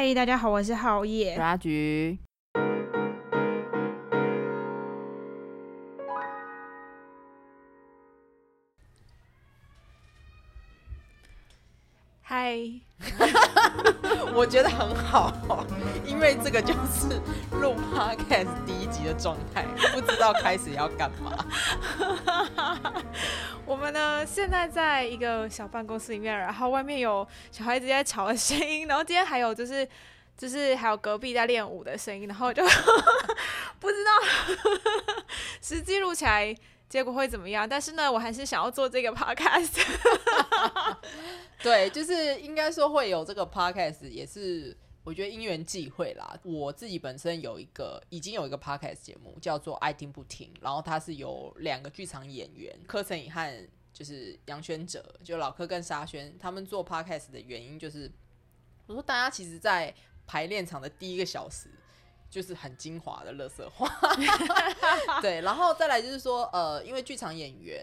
嗨，大家好，我是顥燁，阿橘。我覺得很好，因為這個就是錄 podcast 第一集的狀態，不知道開始要幹嘛。 我們呢，現在在一個小辦公室裡面，然後外面有小孩子在吵的聲音，然後今天還有就是就是還有隔壁在練舞的聲音，然後就 不知道實 記錄起來。結果會怎麼樣？但是呢，我還是想要做這個 podcast。 對，就是應該說會有這個 podcast，也是我覺得因緣際會啦。我自己本身有一個，已經有一個 podcast 節目，叫做《愛聽不聽》。然後它是有兩個劇場演員柯晨穎和就是楊軒哲，就老柯跟沙軒他們做 podcast 的原因就是，我說大家其實，在排練場的第一個小時。就是很精華的垃圾話 對，然後再來就是說，呃，因為劇場演員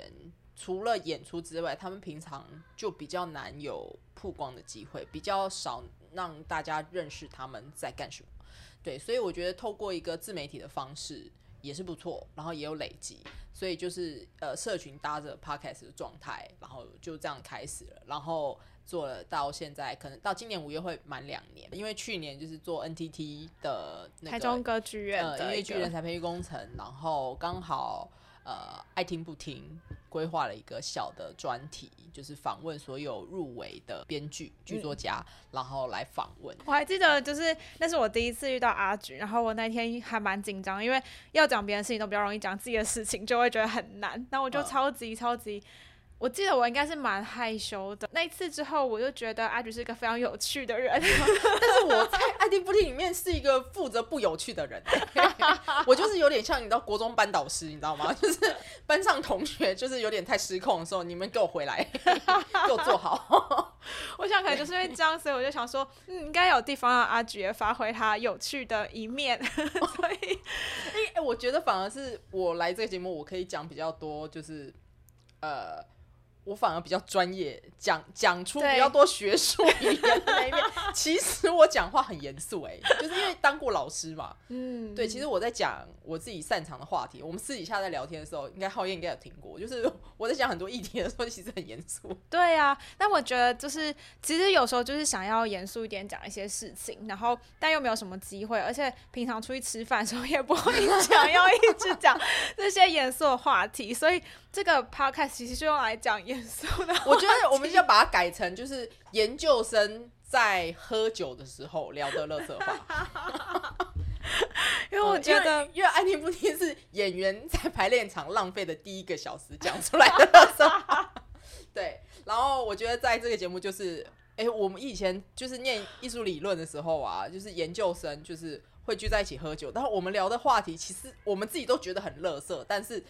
除了演出之外，他們平常就比較難有曝光的機會，比較少讓大家認識他們在幹什麼，對，所以我覺得透過一個自媒體的方式也是不錯，然後也有累積，所以就是呃，社群搭着 podcast 的狀態，然後就這樣開始了，然後。做了到現在，可能到今年五月會滿兩年。因為去年就是做 NTT 的、那個、台中歌劇院的一個呃音樂劇人才培育工程，然後剛好呃愛聽不聽規劃了一個小的專題，就是訪問所有入圍的編劇劇作家、嗯，然後來訪問。我還記得就是那是我第一次遇到阿橘，然後我那天還蠻緊張，因為要講別人事情都比較容易講，講自己的事情就會覺得很難，那我就超級超級。嗯我記得我應該是蠻害羞的。那一次之後，我就覺得阿橘是一個非常有趣的人， 但是我在《ID 不聽》裡面是一個負責不有趣的人。 我就是有點像你知道國中班導師，你知道嗎？就是班上同學就是有點太失控的時候，你們給我回來， 給我做坐好。 我想可能就是因為這樣，所以我就想說，嗯，應該有地方讓阿橘發揮他有趣的一面。 所哎以， 我覺得反而是我來這個節目，我可以講比較多，就是呃。我反而比較專業，講講出比較多學術語言的一面。其實我講話很嚴肅，欸，誒， 就是因為當過老師嘛。嗯，對，其實我在講我自己擅長的話題。我們私底下在聊天的時候，應該顥燁應該有聽過，就是我在講很多議題的時候，其實很嚴肅。對啊，但我覺得就是，其實有時候就是想要嚴肅一點講一些事情，然後但又沒有什麼機會，而且平常出去吃飯的時候也不會想 要一直講這些嚴肅的話題，所以。這個 podcast 其實是用來講嚴肅的，我覺得我們就要把它改成就是研究生在喝酒的時候聊的垃圾話 因為我覺得因為愛聽不聽是演員在排練場浪費的第一個小時講出來的垃圾，對。然後我覺得在這個節目就是，哎，我們以前就是念藝術理論的時候啊，就是研究生就是會聚在一起喝酒，然後我們聊的話題其實我們自己都覺得很垃圾，但是。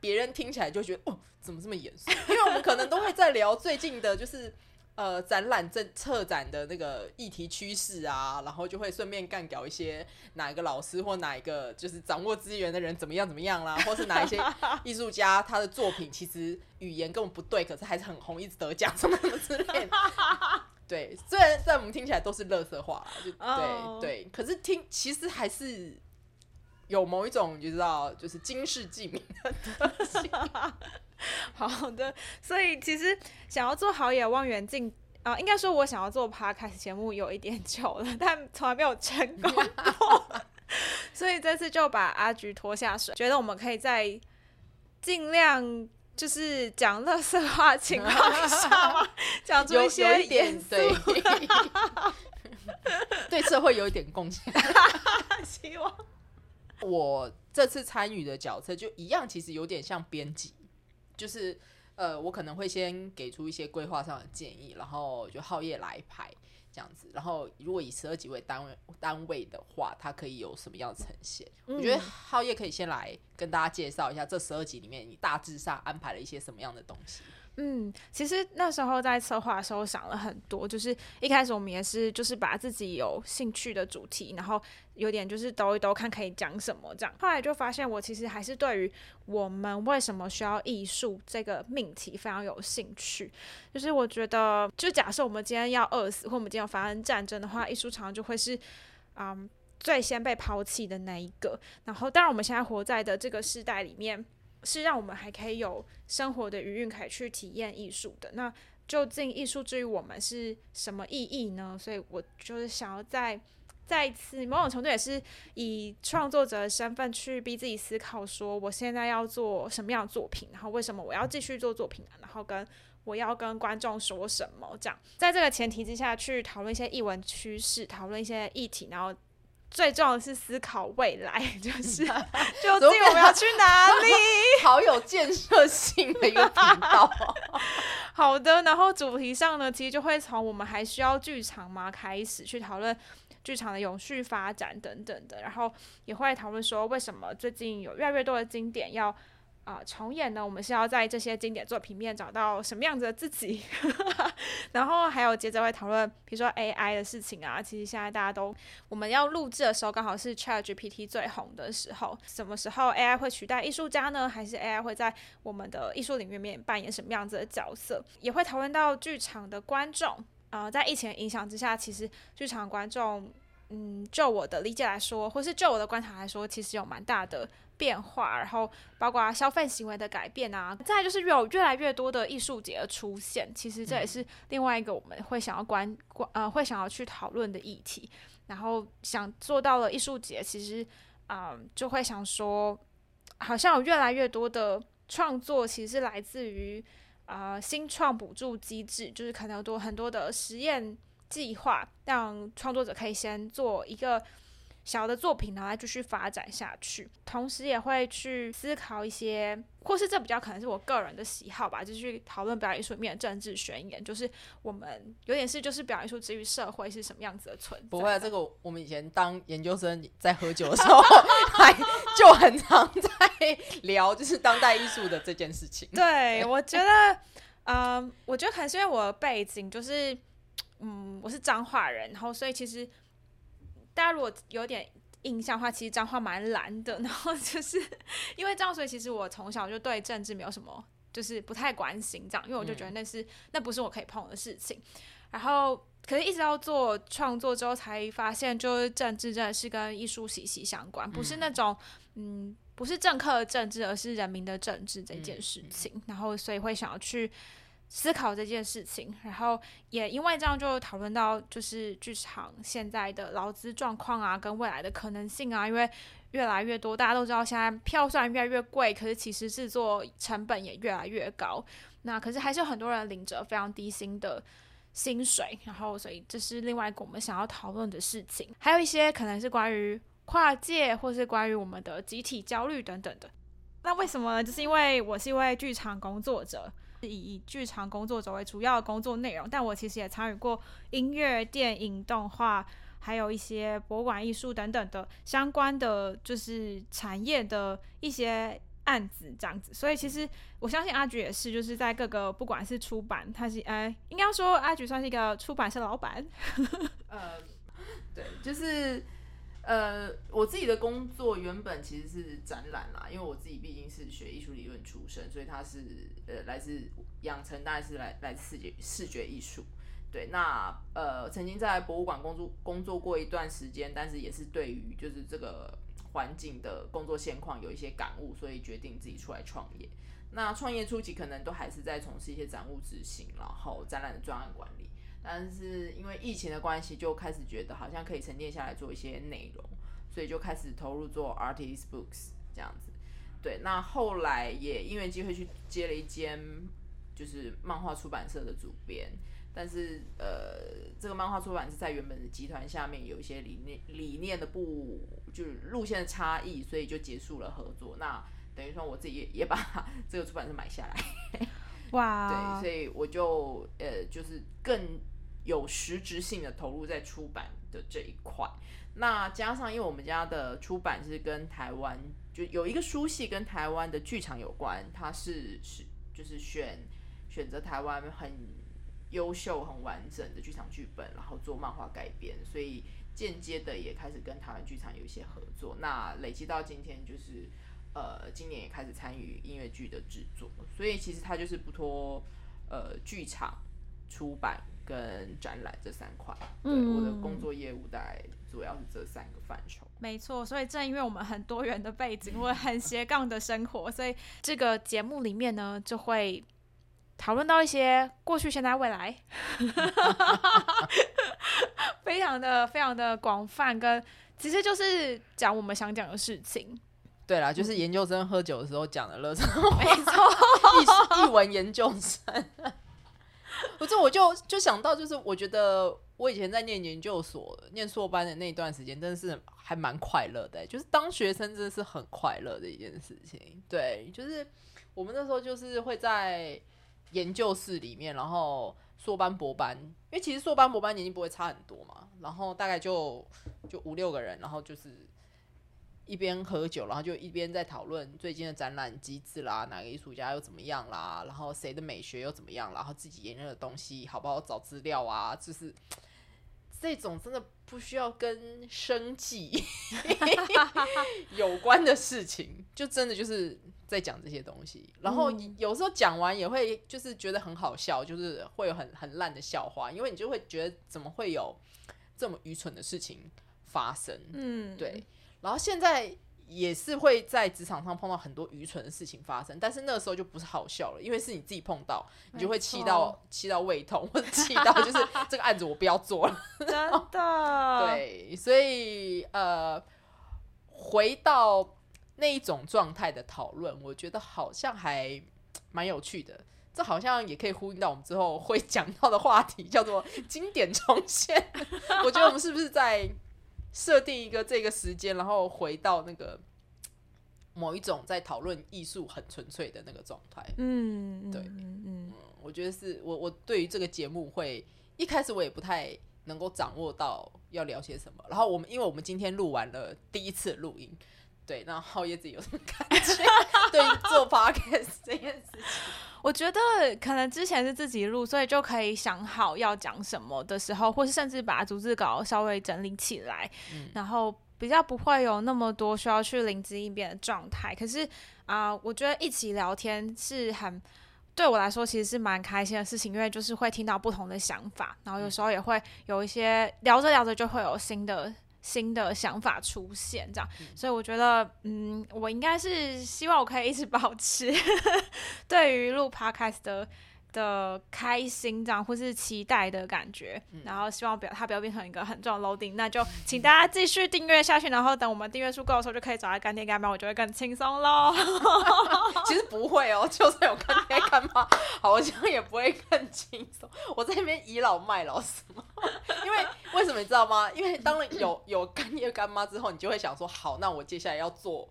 別人聽起來就會覺得哦，怎麼這麼嚴肅？因為我們可能都會在聊最近的，就是呃展覽、政策展的那個議題趨勢啊，然後就會順便幹掉一些哪一個老師或哪一個就是掌握資源的人怎麼樣怎麼樣啦、啊，或是哪一些藝術家他的作品其實語言根本不對，可是還是很紅，一直得獎什麼什麼之類的。對，雖然在我們聽起來都是垃圾話，就對對，可是聽其實還是。有某一種，你知道，就是驚世記名的 好的，所以其實想要做好野望遠鏡啊，應該說我想要做 podcast 節目有一點久了，但從來沒有成功過。 所以這次就把阿橘拖下水，覺得我們可以在盡量就是講樂色話的情況下嗎，講 出一些 一點對 對社會有一點貢獻， 希望。我這次參與的角色就一樣，其實有點像編輯，就是呃，我可能會先給出一些規劃上的建議，然後就顥燁來排這樣子。然後如果以十二集為單位單位的話，它可以有什麼樣的呈現，嗯？我覺得顥燁可以先來跟大家介紹一下這十二集裡面你大致上安排了一些什麼樣的東西。嗯，其實那時候在策劃的時候想了很多，就是一開始我們也是就是把自己有興趣的主題，然後有點就是抖一抖看可以講什麼這樣。後來就發現我其實還是對於我們為什麼需要藝術這個命題非常有興趣。就是我覺得，就假設我們今天要餓死，或我們今天要發生戰爭的話，藝術常常就會是嗯最先被拋棄的那一個。然後當然我們現在活在的這個時代裡面，是讓我們還可以有生活的餘韻，可以去體驗藝術的。那究竟藝術之於我們是什麼意義呢？所以，我就是想要再再一次，某種程度，也是以創作者的身份去逼自己思考：說我現在要做什麼樣的作品？然後為什麼我要繼續做作品然後跟我要跟觀眾說什麼？這樣，在這個前提之下去討論一些藝文趨勢，討論一些議題，然後。最重要的是思考未來，就是究竟、嗯、我們要去哪裡？ 好有建設性的一個頻道。 好的，然後主題上呢，其實就會從我們還需要劇場嗎，開始去討論劇場的永續發展等等的，然後也會討論說為什麼最近有越來越多的經典要。啊、呃，重演呢？我們是要在這些經典作品面，找到什麼樣子的自己？呵呵然後還有接着會討論，比如說 AI 的事情啊。其實現在大家都，我們要錄製的時候，剛好是 ChatGPT 最紅的時候。什麼時候 AI 會取代藝術家呢？還是 AI 會在我們的藝術領域面扮演什麼樣子的角色？也會討論到劇場的觀眾啊、呃，在疫情影響之下，其實劇場觀眾，嗯，就我的理解來說，或是就我的觀察來說，其實有蠻大的。變化，然後包括消費行為的改變啊，再就是有越來越多的藝術節的出現，其實這也是另外一個我們會想要關關呃會想要去討論的議題。然後想做到了藝術節，其實啊、呃、就會想說，好像有越來越多的創作其實來自於啊、呃、新創補助機制，就是可能有多很多的實驗計劃，讓創作者可以先做一個。小的作品然後繼續發展下去，同時也會去思考一些，或是這比較可能是我個人的喜好吧。就是，去討論表演藝術裡面的政治宣言，就是我們有點事，就是表演藝術之於社會是什麼樣子的存在的。不會，啊，這個我們以前當研究生在喝酒的時候，還 就很常在聊就是當代藝術的這件事情。對， 我覺得，嗯、呃，我覺得可能是因為我的背景就是，嗯，我是彰化人，然後所以其實。大家如果有點印象的話，其實彰化蠻藍的。然後就是因為這樣，所以其實我從小就對政治沒有什麼，就是不太關心這樣，因為我就覺得那是、嗯、那不是我可以碰的事情。然後可是，一直到做創作之後，才發現就是政治真的是跟藝術息息相關，不是那種嗯、嗯，不是政客的政治，而是人民的政治這件事情。嗯嗯、然後所以會想要去。思考這件事情，然後也因為這樣，就討論到就是劇場現在的勞資狀況啊，跟未來的可能性啊。因為越來越多大家都知道，現在票雖然越來越貴，可是其實製作成本也越來越高。那可是還是有很多人領着非常低薪的薪水，然後所以這是另外一個我們想要討論的事情。還有一些可能是關於跨界，或是關於我們的集體焦慮等等的。那為什麼呢？就是因為我是一位劇場工作者。是以劇場工作者為主要的工作內容，但我其實也參與過音樂、電影、動畫，還有一些博物館藝術等等的相關的，就是產業的一些案子這樣子。所以其實我相信阿橘也是，就是在各個不管是出版，他是哎、欸，應該說阿橘算是一個出版社老板 、呃，對，就是。呃，我自己的工作原本其實是展覽啦，因為我自己畢竟是學藝術理論出身，所以它是呃來自養成，大概是來來自視覺視覺藝術。對，那呃曾經在博物館工作工作過一段時間，但是也是對於就是這個環境的工作現況有一些感悟，所以決定自己出來創業。那創業初期可能都還是在從事一些展務執行，然後展覽的專案管理。但是因為疫情的關係，就開始覺得好像可以沉澱下來做一些內容，所以就開始投入做 artist books 這樣子。對，那後來也因為機會去接了一間就是漫畫出版社的主編，但是呃，這個漫畫出版社是在原本的集團下面有一些理念理念的不，就是路線的差異，所以就結束了合作。那等於說我自己也也把這個出版社買下來，哇、wow. 對，所以我就呃就是更。有實質性的投入在出版的這一塊，那加上因為我們家的出版是跟台灣就有一個書系跟台灣的劇場有關，它是是就是選選擇台灣很優秀、很完整的劇場劇本，然後做漫畫改編，所以間接的也開始跟台灣劇場有一些合作。那累積到今天，就是呃今年也開始參與音樂劇的製作，所以其實它就是不脫呃劇場出版跟展覽這三塊，對、嗯、我的工作業務，大概主要是這三個範疇。沒錯，所以正因為我們很多元的背景，我 很斜槓的生活，所以這個節目裡面呢，就會討論到一些過去、現在、未來， 非常的、非常的廣泛，跟其實就是講我們想講的事情。對啦，就是研究生喝酒的時候講的垃圾話，沒、嗯、錯，藝文研究生。 不是，我就就想到，就是我覺得我以前在念研究所，念碩班的那段時間，真的是還蠻快樂的欸。就是當學生真的是很快樂的一件事情。對，就是我們那時候就是會在研究室裡面，然後碩班、博班，因為其實碩班、博班年紀不會差很多嘛，然後大概就就五六個人，然後就是。一邊喝酒，然後就一邊在討論最近的展覽機制啦，哪個藝術家又怎麼樣啦，然後誰的美學又怎麼樣啦，然後自己研究的東西好不好找資料啊，就是這種真的不需要跟生計 有關的事情，就真的就是在講這些東西。然後有時候講完也會就是覺得很好笑，就是會有很很爛的笑話，因為你就會覺得怎麼會有這麼愚蠢的事情發生，嗯，對。然後現在也是會在職場上碰到很多愚蠢的事情發生，但是那個時候就不是好笑了，因為是你自己碰到，你就會氣到氣到胃痛，或者氣到就是這個案子我不要做了。 真的，對，所以呃，回到那一種狀態的討論，我覺得好像還蠻有趣的。這好像也可以呼應到我們之後會講到的話題，叫做經典重現。 我覺得我們是不是在？設定一個這個時間，然後回到那個某一種在討論藝術很純粹的那個狀態。嗯，對，嗯，我覺得是我我對於這個節目會一開始我也不太能夠掌握到要聊些什麼，然後我們因為我們今天錄完了第一次錄音。對，然後也自己有什麼感覺？對，做 podcast 這件 事 我覺得可能之前是自己錄，所以就可以想好要講什麼的時候，或是甚至把逐字稿稍微整理起來，嗯，然後比較不會有那麼多需要去臨機應變的狀態。可是啊、呃，我覺得一起聊天是很對我來說其實是蠻開心的事情，因為就是會聽到不同的想法，然後有時候也會有一些聊着聊着就會有新的。新的想法出現，這樣、嗯，所以我覺得，嗯，我應該是希望我可以一直保持 對於錄 podcast 的。的開心，這樣或是期待的感覺，嗯、然後希望不要，它不要變成一個很重的 loading，嗯，那就請大家繼續訂閱下去，嗯，然後等我們訂閱數夠的時候，就可以找到乾爹乾媽，我就會更輕鬆嘍。 其實不會哦，就算有乾爹乾媽， 好像也不會更輕鬆，我在那邊倚老賣老是嗎？ 因為為什麼你知道嗎？因為當了有有乾爹乾媽之後，你就會想說，好，那我接下來要做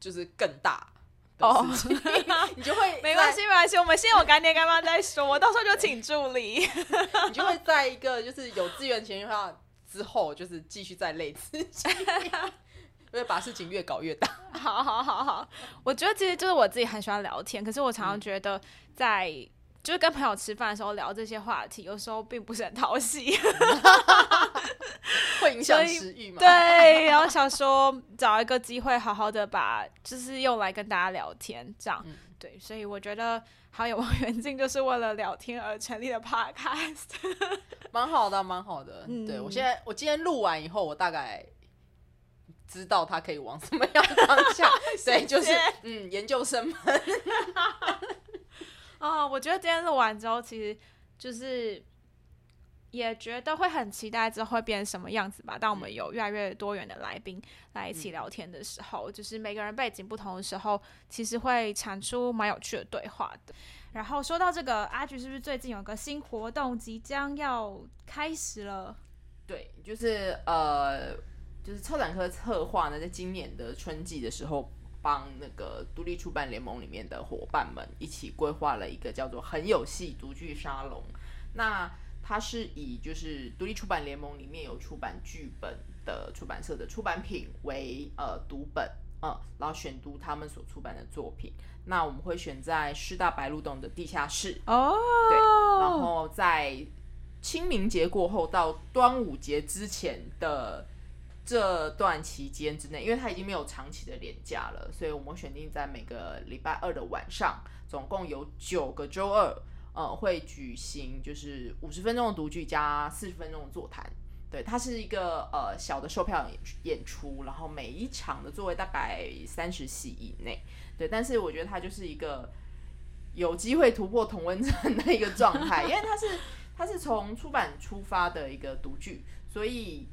就是更大。哦，oh. 你就會沒關係沒關係，我們先有乾爹乾媽再說， 我到時候就請助理。 你就會在一個就是有資源的情況下之後，就是繼續再累自己， 因為把事情越搞越大。好，好，好，好，我覺得其實就是我自己很喜歡聊天，可是我常常覺得在、嗯、就是跟朋友吃飯的時候聊這些話題，有時候並不是很討喜。 會影響食慾嗎？對，然後想說找一個機會好好的把，就是用來跟大家聊天這樣。嗯、對，所以我覺得好野望遠鏡就是為了聊天而成立的 podcast，蠻好的，蠻好的。嗯、對，我現在我今天錄完以後，我大概知道他可以往什麼樣的方向，所 以就是嗯，研究生們啊、 哦，我覺得今天錄完之後，其實就是。也覺得會很期待之後會變成什麼樣子吧。當我們有越來越多元的來賓來一起聊天的時候，嗯、就是每個人背景不同的時候，其實會產出蠻有趣的對話的。然後說到這個，阿橘是不是最近有個新活動即將要開始了？對，就是呃，就是超展開策畫呢，在今年的春季的時候，幫那個獨立出版聯盟裡面的夥伴們一起規劃了一個叫做“很有戲讀劇沙龍”那。那它是以就是獨立出版聯盟裡面有出版劇本的出版社的出版品為呃讀本，嗯，然後選讀他們所出版的作品。那我們會選在師大白鹿洞的地下室哦，oh. 對，然後在清明節過後到端午節之前的這段期間之內，因為它已經沒有長期的連假了，所以我們選定在每個禮拜二的晚上，總共有九個周二。呃，會舉行就是五十分鐘的讀劇加四十分鐘的座談，對，它是一個呃小的售票演演出，然後每一場的座位大概三十席以內，對，但是我覺得它就是一個有機會突破同溫層的一個狀態， 因為它是它是從出版出發的一個讀劇，所以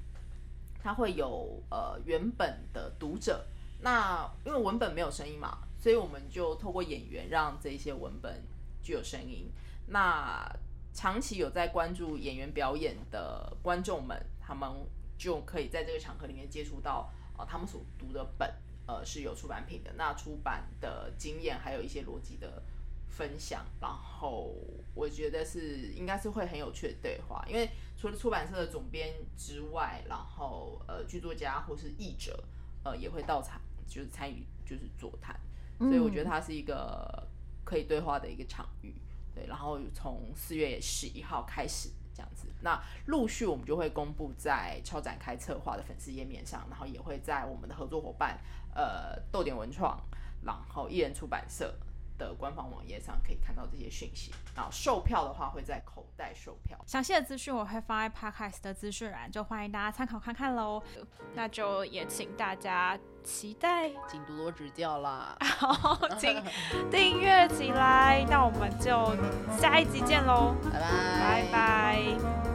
它會有呃原本的讀者，那因為文本沒有聲音嘛，所以我們就透過演員讓這些文本具有聲音。那長期有在關注演員表演的觀眾們，他們就可以在這個場合裡面接觸到呃他們所讀的本，呃是有出版品的。那出版的經驗還有一些邏輯的分享，然後我覺得是應該是會很有趣的對話。因為除了出版社的總編之外，然後呃劇作家或是譯者呃也會到場，就是參與就是座談、嗯，所以我覺得它是一個可以對話的一個場域。對，然後從四月十一號開始這樣子，那陸續我們就會公布在超展開策劃的粉絲頁面上，然後也會在我們的合作夥伴，呃，逗點文創，然後一人出版社。的官方網頁上可以看到這些訊息，然後售票的話會在口袋售票。詳細的資訊我會放在 podcast 的資訊欄，就歡迎大家參考看看嘍，嗯。那就也請大家期待，請多多指教啦。好，哦， 請訂閱起來， 那我們就下一集見嘍，拜拜。Bye bye